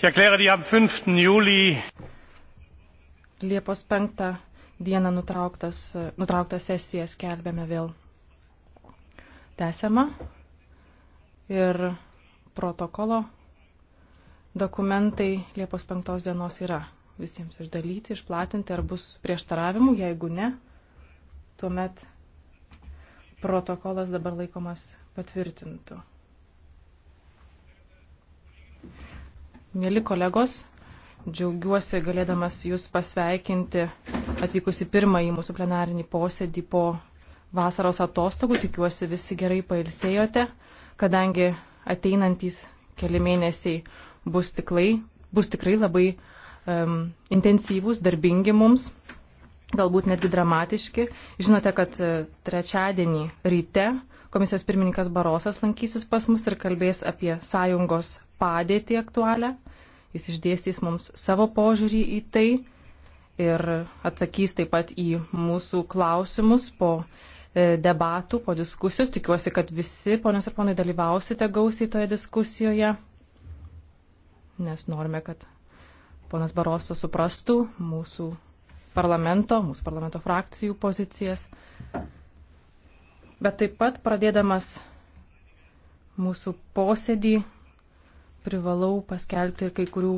Ich erkläre die am 5. Juli Liepos 5 dieną nutrauktas, nutrauktas sesija skelbėme vėl tęsiama ir protokolo dokumentai Liepos 5 dienos yra visiems išdalyti, išplatinti, ar bus prieštaravimų, jeigu ne, tuomet protokolas dabar laikomas patvirtintų. Mėly kolegos, džiaugiuosi galėdamas Jūs pasveikinti atvykusi pirmąjį mūsų plenarinį posėdį po vasaros atostogų. Tikiuosi visi gerai pailsėjote, kadangi ateinantys keli mėnesiai bus, tiklai, bus tikrai labai um, intensyvūs, darbingi mums, galbūt netgi dramatiški. Žinote, kad e, trečiadienį ryte komisijos pirmininkas Barosas lankysis pas mus ir kalbės apie sąjungos padėtį aktualią. Jis išdėstys mums savo požiūrį į tai ir atsakys taip pat į mūsų klausimus po e, debatų, po diskusijos. Tikiuosi, kad visi, ponios ir ponai, dalyvausite gausiai toje diskusijoje, nes norime, kad ponas Baroso suprastų mūsų parlamento, mūsų parlamento frakcijų pozicijas. Bet taip pat pradėdamas mūsų posėdį privalau paskelbti ir kai kurių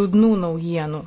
liūdnų naujienų.